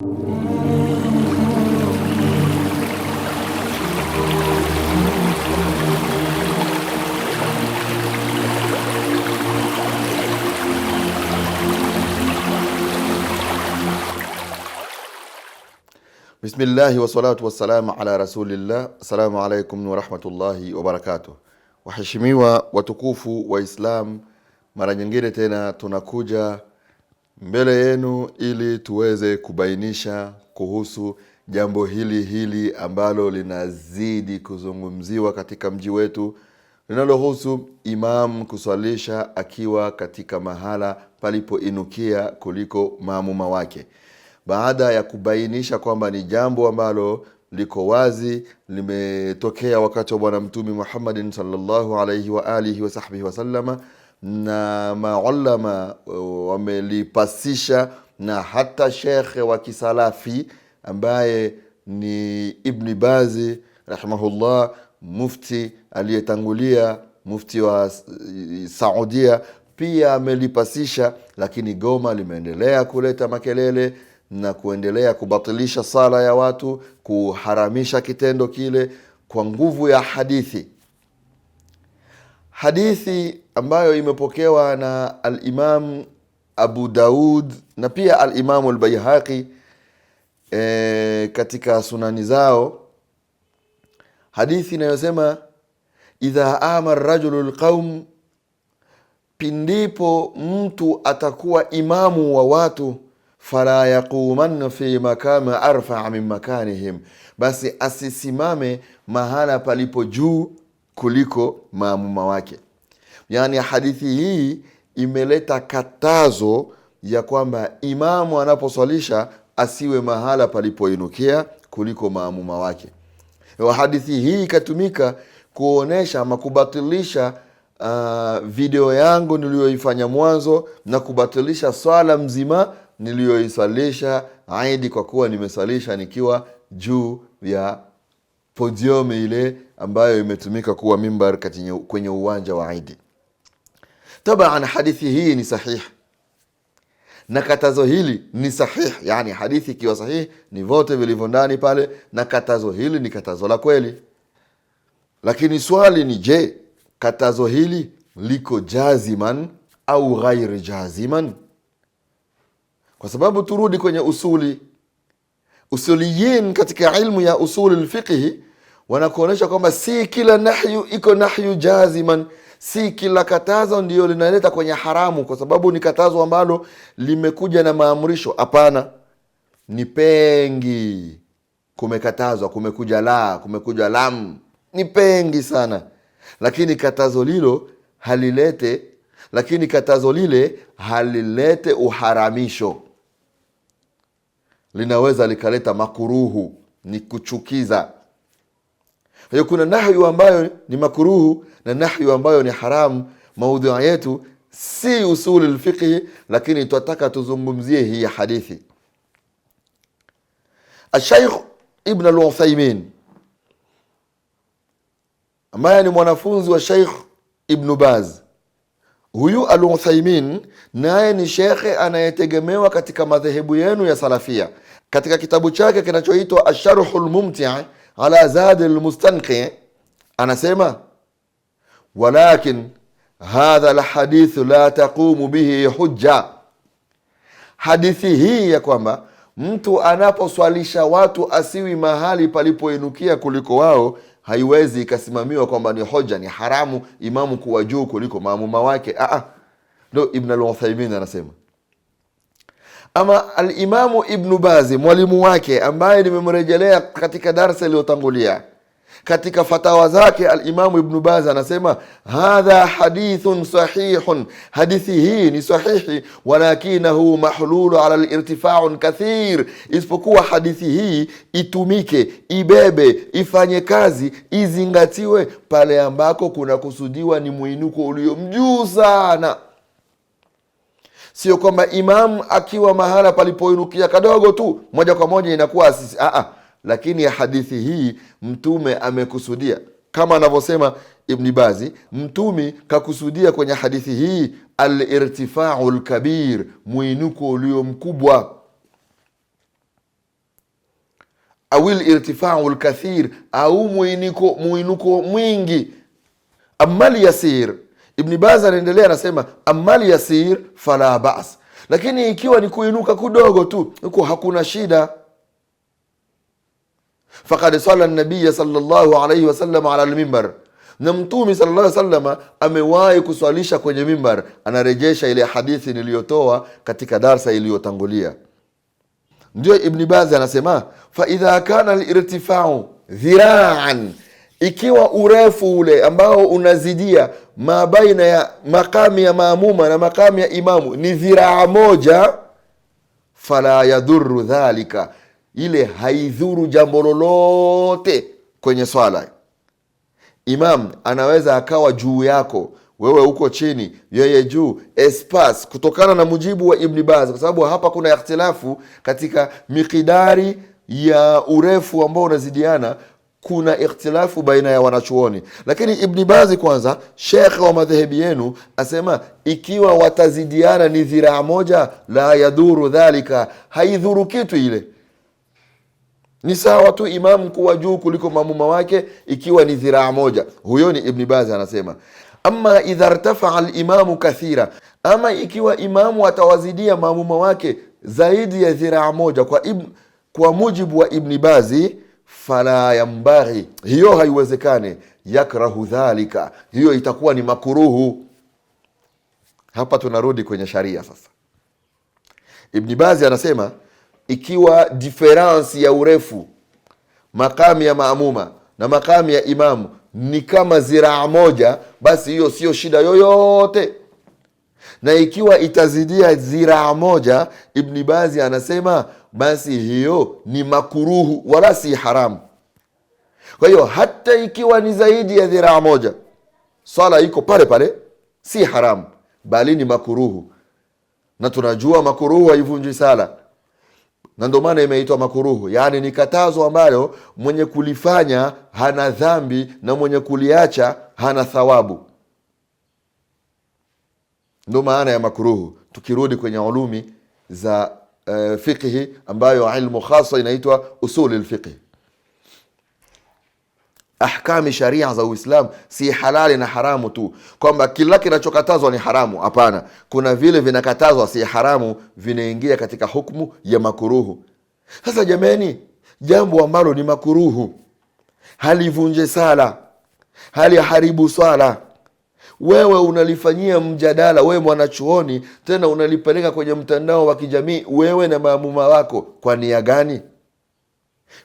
بسم الله والصلاة والسلام على رسول الله السلام عليكم ورحمة الله وبركاته Waheshimiwa watukufu وإسلام Islam, mara nyingine tena mbele yenu ili tuweze kubainisha kuhusu jambo hili hili ambalo linazidi kuzungumziwa katika mji wetu linalohusu imamu kuswalisha akiwa katika mahala palipoinukia kuliko maamuma wake. Baada ya kubainisha kwamba ni jambo ambalo liko wazi, limetokea wakati wa Bwana Mtume Muhammadin sallallahu alaihi waalihi wasahbihi wasalama na maulama e, wamelipasisha na hata shekhe wa kisalafi ambaye ni Ibni Bazi rahimahullah, mufti aliyetangulia, mufti wa e, Saudia pia amelipasisha, lakini Goma limeendelea kuleta makelele na kuendelea kubatilisha sala ya watu, kuharamisha kitendo kile kwa nguvu ya hadithi. Hadithi ambayo imepokewa na Alimam Abu Daud na pia Alimamu lbaihaqi e, eh, katika sunani zao, hadithi inayosema idha ama rajulu lqaum, pindipo mtu atakuwa imamu wa watu, fala yaqumanna fi makami arfaa min makanihim, basi asisimame mahala palipo juu kuliko maamuma wake. Yaani hadithi hii imeleta katazo ya kwamba imamu anaposwalisha asiwe mahala palipoinukia kuliko maamuma wake. Hadithi hii ikatumika kuonyesha ama kubatilisha uh, video yangu niliyoifanya mwanzo na kubatilisha swala mzima niliyoiswalisha Aidi, kwa kuwa nimeswalisha nikiwa juu ya podiome ile ambayo imetumika kuwa mimbar kwenye uwanja wa Idi. Taban, hadithi hii ni sahih na katazo hili ni sahih yani hadithi ikiwa sahihi ni vote vilivyo ndani pale, na katazo hili ni katazo la kweli. Lakini swali ni je, katazo hili liko jaziman au ghairi jaziman? Kwa sababu turudi kwenye usuli usuliyin, katika ilmu ya usuli lfiqhi wanakuonyesha kwamba si kila nahyu iko nahyu jaziman, si kila katazo ndiyo linaleta kwenye haramu, kwa sababu ni katazo ambalo limekuja na maamrisho. Hapana, ni pengi kumekatazwa, kumekuja la, kumekuja lam, ni pengi sana, lakini katazo lilo halilete, lakini katazo lile halilete uharamisho, linaweza likaleta makuruhu, ni kuchukiza kwa hiyo kuna nahyu ambayo ni makruhu na nahyu ambayo ni haramu. Maudhui yetu si usuli fiqhi, lakini twataka tuzungumzie hii hadithi. Ashaikh Ibn al-Uthaymeen ambaye ni mwanafunzi wa Sheikh Ibnu Baz. Huyu al naye ni shekhe anayetegemewa katika madhehebu yenu ya Salafia. Katika kitabu chake kinachoitwa Asharhu Lmumti ala zadi lmustanqi, anasema walakin hadha lhadithu la taqumu bihi hujja, hadithi hii ya kwamba mtu anaposwalisha watu asiwi mahali palipoinukia kuliko wao, haiwezi ikasimamiwa kwamba ni hoja, ni haramu imamu kuwa juu kuliko maamuma wake. Ndo Ibn anasema ama Alimamu Ibnu Bazi, mwalimu wake ambaye nimemrejelea katika darsa iliyotangulia, katika fatawa zake Alimamu Ibnu Bazi anasema hadha hadithun sahihun, hadithi hii ni sahihi, walakinahu mahlulu ala lirtifaun kathir, isipokuwa hadithi hii itumike, ibebe, ifanye kazi, izingatiwe pale ambako kunakusudiwa ni mwinuko ulio mjuu sana. Sio kwamba imam akiwa mahala palipoinukia kadogo tu moja kwa moja inakuwa asisi aa, ah, ah. lakini hadithi hii mtume amekusudia kama anavyosema Ibni Bazi, mtumi kakusudia kwenye hadithi hii alirtifau lkabir, mwinuko ulio mkubwa, awil lirtifau lkathir, au mwinuko mwingi, amali Ibn Baz anaendelea anasema, amali yasir fala bas, lakini ikiwa ni kuinuka kudogo tu huko hakuna shida. Fakad sala nabiya sallallahu alaihi wasallam ala lmimbar, na Mtume sallallahu alaihi wasallam amewahi kuswalisha kwenye mimbar. Anarejesha ile hadithi niliyotoa katika darsa iliyotangulia. Ndio Ibn Baz anasema, faidha kana lirtifau dhiraan ikiwa urefu ule ambao unazidia mabaina ya makami ya maamuma na makami ya imamu ni dhiraa moja, fala yadhuru dhalika, ile haidhuru jambo lolote kwenye swala. Imam anaweza akawa juu yako wewe huko chini, yeye juu, espas, kutokana na mujibu wa Ibni Baz, kwa sababu hapa kuna ikhtilafu katika mikidari ya urefu ambao unazidiana kuna ikhtilafu baina ya wanachuoni, lakini Ibni Bazi kwanza, shekhe wa madhehebi yenu, asema ikiwa watazidiana ni dhiraa moja, la yadhuru dhalika, haidhuru kitu ile ni sawa tu imamu kuwa juu kuliko mamuma wake ikiwa ni dhiraa moja. Huyo ni Ibni Bazi anasema. Ama idha rtafaa limamu kathira, ama ikiwa imamu atawazidia mamuma wake zaidi ya dhiraa moja, kwa, ibn, kwa mujibu wa Ibni Bazi fala yambaghi, hiyo haiwezekani. Yakrahu dhalika, hiyo itakuwa ni makuruhu. Hapa tunarudi kwenye sharia sasa. Ibni Bazi anasema ikiwa diferansi ya urefu makami ya maamuma na makami ya imamu ni kama ziraa moja, basi hiyo sio shida yoyote, na ikiwa itazidia ziraa moja, Ibni Bazi anasema basi hiyo ni makuruhu wala si haramu. Kwa hiyo hata ikiwa ni zaidi ya dhiraa moja, swala iko pale pale, si haramu, bali ni makuruhu. Na tunajua makuruhu haivunji sala, na ndio maana imeitwa makuruhu, yaani ni katazo ambalo mwenye kulifanya hana dhambi na mwenye kuliacha hana thawabu. Ndo maana ya makuruhu. Tukirudi kwenye ulumi za uh, fiqhi ambayo ilmu khasa inaitwa usul fiqhi. Ahkami sharia za uislam si halali na haramu tu, kwamba kila kinachokatazwa ni haramu. Hapana, kuna vile vinakatazwa si haramu, vinaingia katika hukmu ya makuruhu. Sasa jameni, jambo ambalo ni makuruhu halivunje sala, haliharibu swala wewe unalifanyia mjadala, wewe mwanachuoni, tena unalipeleka kwenye mtandao wa kijamii, wewe na maamuma wako, kwa nia gani?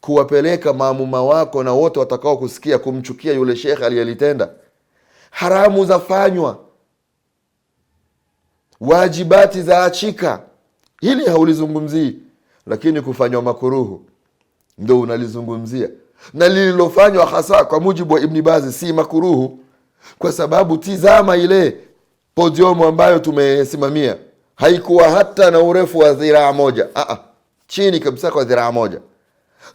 Kuwapeleka maamuma wako na wote watakao kusikia kumchukia yule shekhe aliyelitenda. Haramu zafanywa, wajibati za achika Hili haulizungumzii, lakini kufanywa makuruhu ndo unalizungumzia, na lililofanywa hasa kwa mujibu wa Ibni Bazi si makuruhu kwa sababu tizama ile podiomu ambayo tumesimamia haikuwa hata na urefu wa dhiraa moja. Aa, chini kabisa kwa dhiraa moja,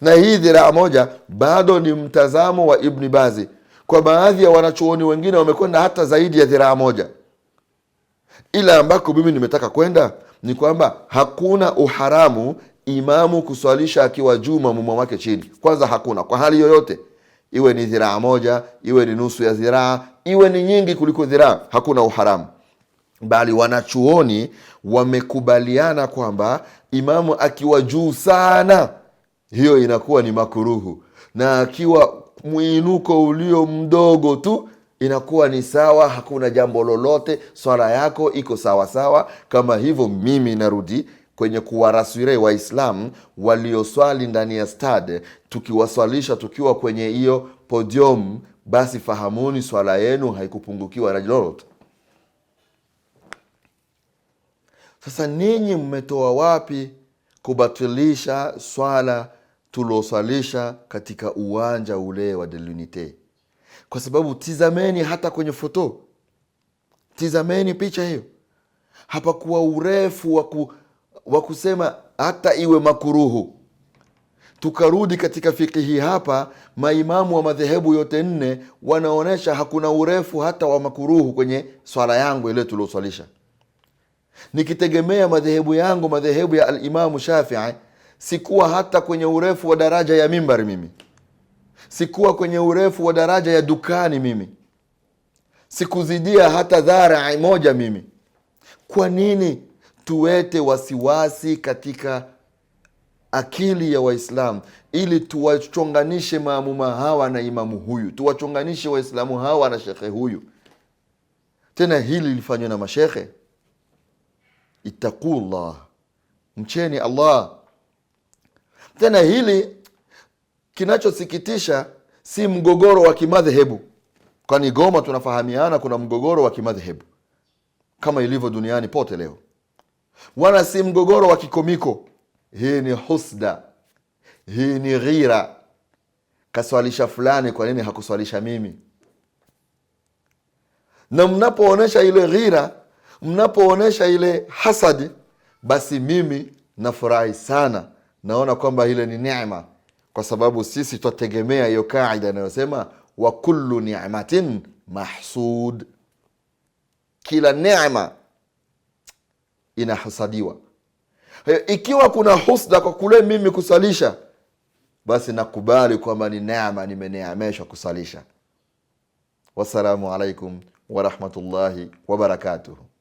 na hii dhiraa moja bado ni mtazamo wa Ibni Bazi. Kwa baadhi ya wanachuoni wengine wamekwenda hata zaidi ya dhiraa moja, ila ambako mimi nimetaka kwenda ni kwamba hakuna uharamu imamu kuswalisha akiwa juu mamumo wake chini. Kwanza hakuna kwa hali yoyote iwe ni dhiraa moja, iwe ni nusu ya dhiraa, iwe ni nyingi kuliko dhiraa, hakuna uharamu, bali wanachuoni wamekubaliana kwamba imamu akiwa juu sana, hiyo inakuwa ni makuruhu, na akiwa mwinuko ulio mdogo tu inakuwa ni sawa, hakuna jambo lolote, swala yako iko sawasawa. Kama hivyo, mimi narudi kwenye kuwaraswire waislam walioswali ndani ya stade, tukiwaswalisha tukiwa kwenye hiyo podium, basi fahamuni swala yenu haikupungukiwa na lolote. Sasa ninyi mmetoa wapi kubatilisha swala tulioswalisha katika uwanja ule wa delunite Kwa sababu tizameni hata kwenye foto, tizameni picha hiyo, hapakuwa urefu wa ku wa kusema hata iwe makuruhu. Tukarudi katika fikihi hapa, maimamu wa madhehebu yote nne wanaonyesha hakuna urefu hata wa makuruhu kwenye swala yangu ile tulioswalisha. Nikitegemea madhehebu yangu, madhehebu ya Alimamu Shafii, sikuwa hata kwenye urefu wa daraja ya mimbari mimi, sikuwa kwenye urefu wa daraja ya dukani mimi, sikuzidia hata dharai moja mimi. Kwa nini? tuwete wasiwasi katika akili ya Waislamu ili tuwachonganishe maamuma hawa na imamu huyu, tuwachonganishe Waislamu hawa na shekhe huyu. Tena hili lilifanywa na mashekhe. Ittaqullah, mcheni Allah. Tena hili kinachosikitisha si mgogoro wa kimadhehebu, kwani Goma tunafahamiana kuna mgogoro wa kimadhehebu kama ilivyo duniani pote leo wala si mgogoro wa kikomiko. Hii ni husda, hii ni ghira. Kaswalisha fulani, kwa nini hakuswalisha mimi? Na mnapoonyesha ile ghira, mnapoonyesha ile hasadi, basi mimi nafurahi sana, naona kwamba ile ni neema, kwa sababu sisi twategemea hiyo kaida inayosema wa kullu ni'matin mahsud, kila neema inahasadiwa. Ikiwa kuna husda kwa kule mimi kusalisha, basi nakubali kwamba ni neema, nimeneemeshwa kusalisha. Wassalamu alaikum warahmatullahi wabarakatuhu.